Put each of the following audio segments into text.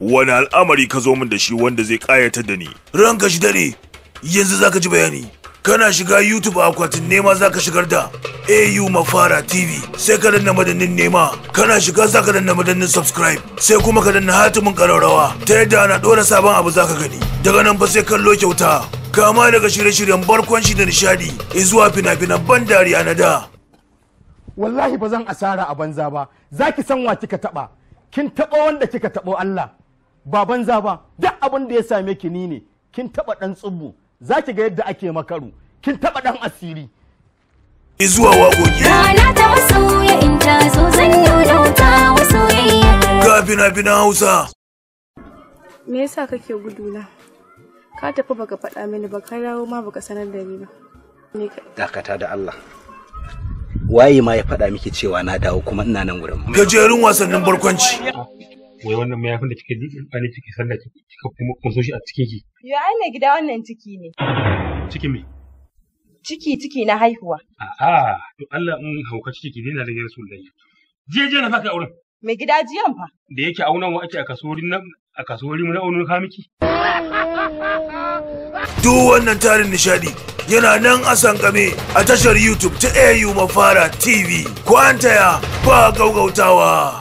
wani al'amari ka zo min da shi wanda zai kayatar da ni ranka shi dare yanzu zaka ji bayani kana shiga youtube a akwatin nema zaka shigar da au mafara tv sai ka danna madannin nema kana shiga zaka danna madannin subscribe sai kuma ka danna hatimin ƙararrawa ta yadda ana ɗora sabon abu zaka gani daga nan fa sai kallo kyauta kama daga shirye-shiryen barkwanci da nishadi zuwa fina-finan ban dariya na da wallahi ba zan asara a banza ba zaki san wa kika taɓa kin taɓa wanda kika taɓo Allah ba banza ba duk abin da ya same ki ni ne kin taba dan za zaki ga yadda ake makaru kin taba dan asiri izuwa waƙoƙi rana ta wasu ya inta zo zan nuna ta wasu yayya ga bina bina hausa me yasa kake guduna ka tafi baka faɗa mini ba ka dawo ma baka sanar da ni ba dakata da Allah waye ma ya faɗa miki cewa na dawo kuma ina nan gurin gajerun wasannin barkwanci wai wannan mayafin da kike duba ne kike sallah kika kuma kunso shi a cikin ki ya ai mai gida wannan ciki ne ciki me ciki ciki na haihuwa a'a to Allah in hauka ciki ki dena da ya jiya jiya na faka auren mai gida jiyan fa da yake aunan wa ake a kasorin nan a kasorin mu na aunan ka miki duk wannan tarin nishadi yana nan a sankame a tashar YouTube ta AU Mafara TV. Kwantaya ba gaugautawa.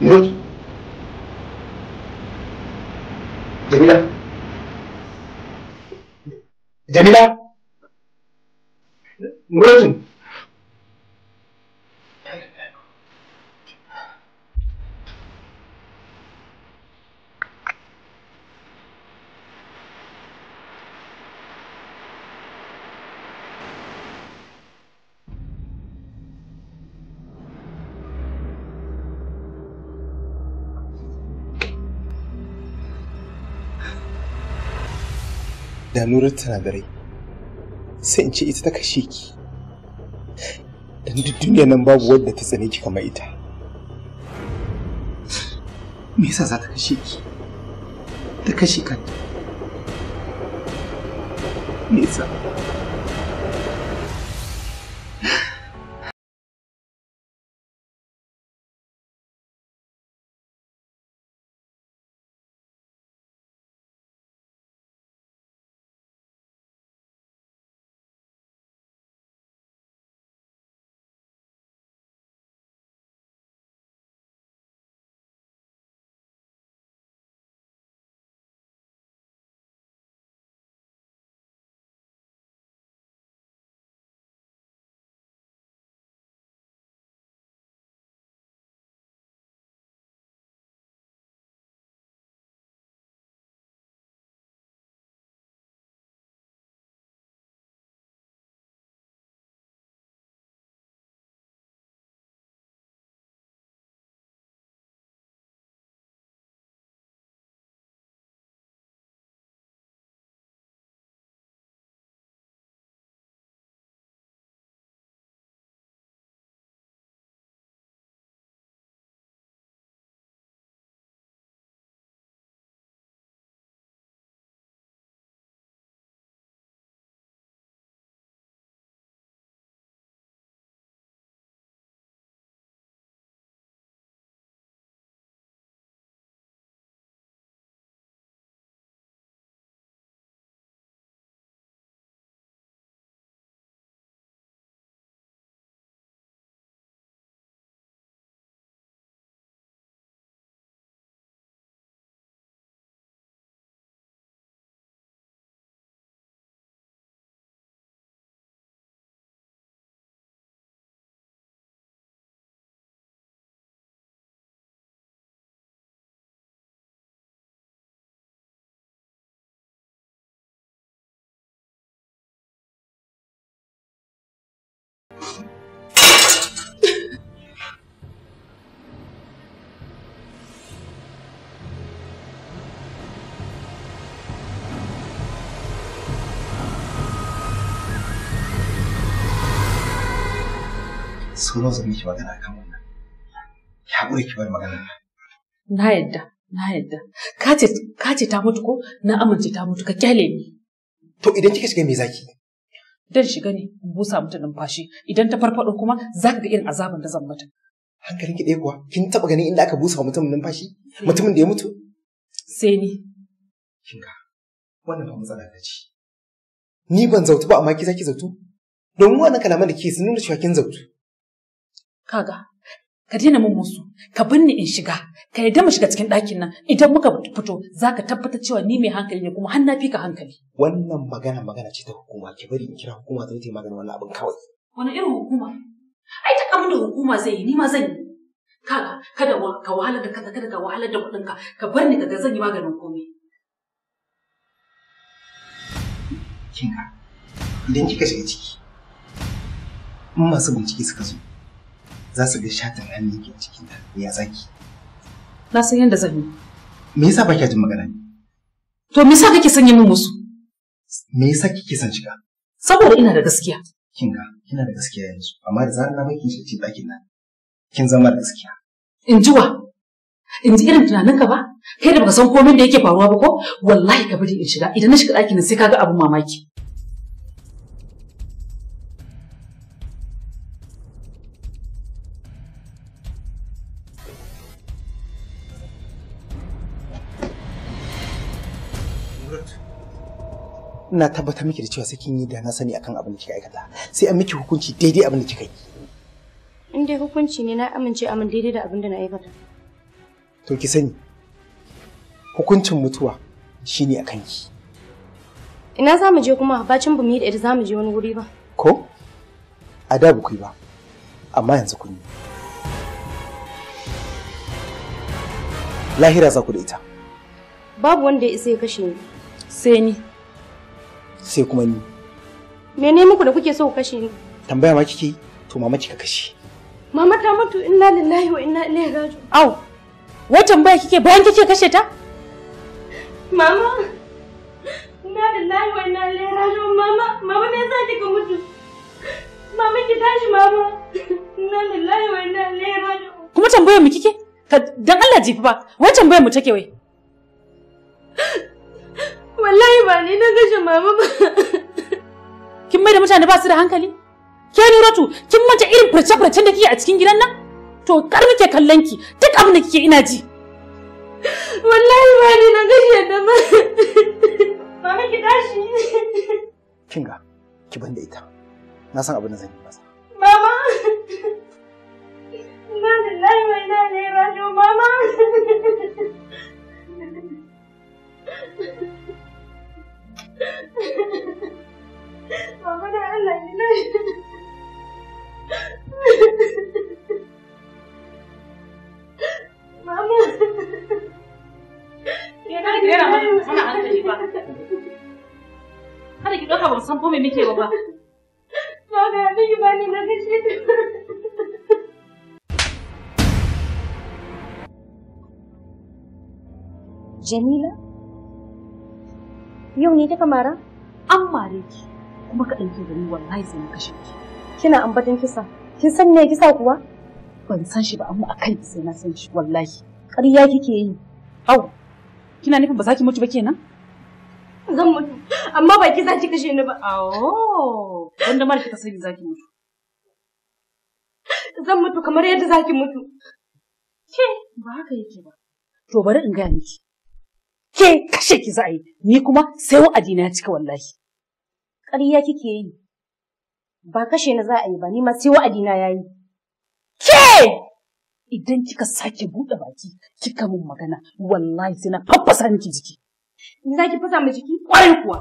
mut Jamilah Jamilah ganuwar sinadarai sai in ce ita ta kashe ki dan duk duniya nan babu wadda ta tsane ki kamar ita me yasa za ta kashe ki ta kashe kanta me yasa sauran zan miki magana kan wannan. Ki haƙuri ki bar magana. nan. Na yadda, na yadda. Ka ce ta mutu ko? Na amince ta mutu ka kyale ni. To idan kika shiga me zaki? Dan shiga ne in busa mata numfashi idan ta farfaɗo kuma za ka ga irin azaban da zan mata. Hankalin ki ɗaya kuwa kin taɓa ganin inda aka busa mutum numfashi mutumin da ya mutu? Sai ni. Kin ga wannan ba matsala ta ce. Ni ban zautu ba amma ki zaki zautu. Don wannan kalaman da ke sun nuna cewa kin zautu. kaga ka daina mun musu ka binne in shiga ka yadda mu shiga cikin ɗakin nan idan muka fito za ka tabbatar cewa ni mai hankali ne kuma har na fi ka hankali wannan magana magana ce ta hukuma ki bari in kira hukuma ta yi magana wannan abin kawai wani irin hukuma ai ta kamun da hukuma zai yi ni ma zan yi kaga kada ka wahalar da kanka kada ka wahalar da kuɗinka ka bar ni kaga zan yi maganin komai kinga idan kika shiga ciki in masu bincike suka zo za su ga shatar hannun yake cikin ta ya zaki na san yadda zan yi me yasa ba kya jin magana ne to me yasa kake sanya min musu me yasa kike son shiga saboda ina da gaskiya kin ga kina da gaskiya yanzu amma da zarar na baki shi ce dakin nan kin zama da gaskiya in ji wa in ji irin tunaninka ba kai da baka san komai da yake faruwa ba ko wallahi ka bari in shiga idan na shiga ɗakin sai kaga abin mamaki ina tabbatar miki da cewa sai kin yi da na sani akan abin da kika aikata sai an miki hukunci daidai abin da kika yi in dai hukunci ne na amince amin daidai da abin da na aikata to ki sani hukuncin mutuwa shine a kanki. ina za mu je kuma bacin mu yi da ita za mu je wani wuri ba ko a da ba ku ba amma yanzu kun yi lahira za ku da ita babu wanda ya isa ya kashe ni sai ni sai kuma ni mene muku da kuke so ku kashe ni tambaya ma kike to mama kika kashe mama ta mutu inna lillahi wa inna ilaihi raji'un au Wa tambaya kike bayan kike kashe ta mama inna lillahi wa inna ilaihi raji'un mama mama me yasa kika mutu mama ki tashi mama inna lillahi wa inna ilaihi raji'un kuma tambayar mu kike dan Allah jifi ba Wa tambayar mu take wai Wallahi ba ni na gashi mama ba. Kin mai da mutane ba su da hankali? Ke ratu, kin manta irin furce-furcen da kike a cikin gidan nan? To kar nake kallon ki, duk abin da kike ina ji. Wallahi ba ni na gashi da ba. Mama ki tashi. Kinga, ki banda ita. Na san abin da zan yi masa. Mama! Na lillahi wa na Kada ki ɗauka ban san ko me muke ba ba. Na ga miki ba ni na ta. Jamila? Yau ne kika mara? An mare ki kuma ka ɗauke da ni wallahi sai na kashe Kina ambatin kisa? Kin san me kisa kuwa? Ban san shi ba amma akan ki sai na san shi wallahi. Ƙarya kike yi. Au. Kina nufin ba za ki mutu ba kenan? zan mutu amma baki za ki kashe ni ba awo wanda mara ta sani za ki mutu zan mutu kamar yadda za ki mutu ke ba haka yake ba to bari in gaya miki ke kashe ki za a yi ni kuma sai wa'adi ya cika wallahi ƙarya kike yi ba kashe na za a yi ba ni ma sai wa'adi ya yi. ke idan kika sake buɗe baki kika mun magana wallahi sai na faffasa miki jiki Ni za ki fasa mu jiki? Kwarai kuwa.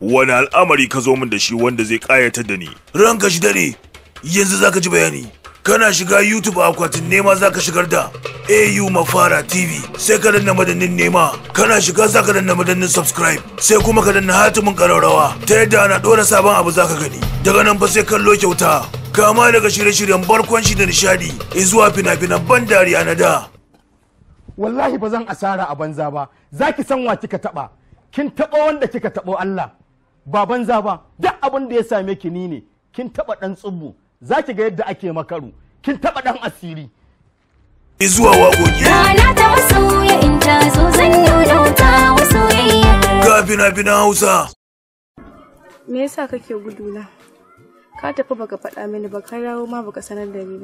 wani al'amari ka zo min da shi wanda zai ƙayatar da ni ranka shi dare yanzu zaka ji bayani kana shiga youtube akwatin nema zaka shigar da au mafara tv sai ka danna madannin nema kana shiga zaka danna madannin subscribe sai kuma ka danna hatimin kararrawa ta yadda ana ɗora sabon abu zaka gani daga nan ba sai kallo kyauta kama daga shirye-shiryen barkwanci da nishadi zuwa fina-finan ban dariya na da wallahi ba zan asara a banza ba zaki san wa kika taɓa? kin taɓa wanda kika taɓo Allah ba banza ba duk abin da ya same ki ni ne kin taba dan tsubbu zaki ga yadda ake makaru kin taba dan asiri zuwa waƙoƙi rana ta wasu ya in ta zo zan yi ta wasu ga bina bina hausa me yasa kake gudula ka tafi baka faɗa mini baka rawo ma baka sanar da ni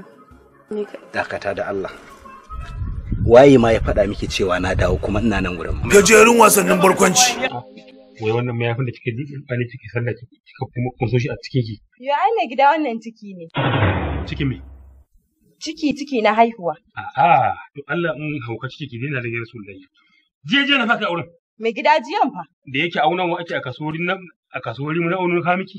ba dakata da Allah waye ma ya faɗa miki cewa na dawo kuma ina nan gurin gajerun wasannin barkwanci wai wannan mayafin da kike alƙur'ani kike sallah kika kuma kunso shi a cikin ki yo ai mai gida wannan ciki ne ciki me ciki ciki na haihuwa a'a to Allah in hauka ciki ki dena da ya rasulullahi jiya jiya na faka auren mai gida jiyan fa da yake aunan wa ake a kasuwar nan a kasuwar mu na aunan ka miki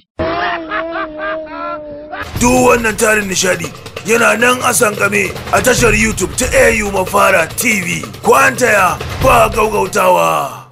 duk wannan tarin nishadi yana nan a sankame a tashar YouTube ta AU Mafara TV. Kwantaya ba gaugautawa.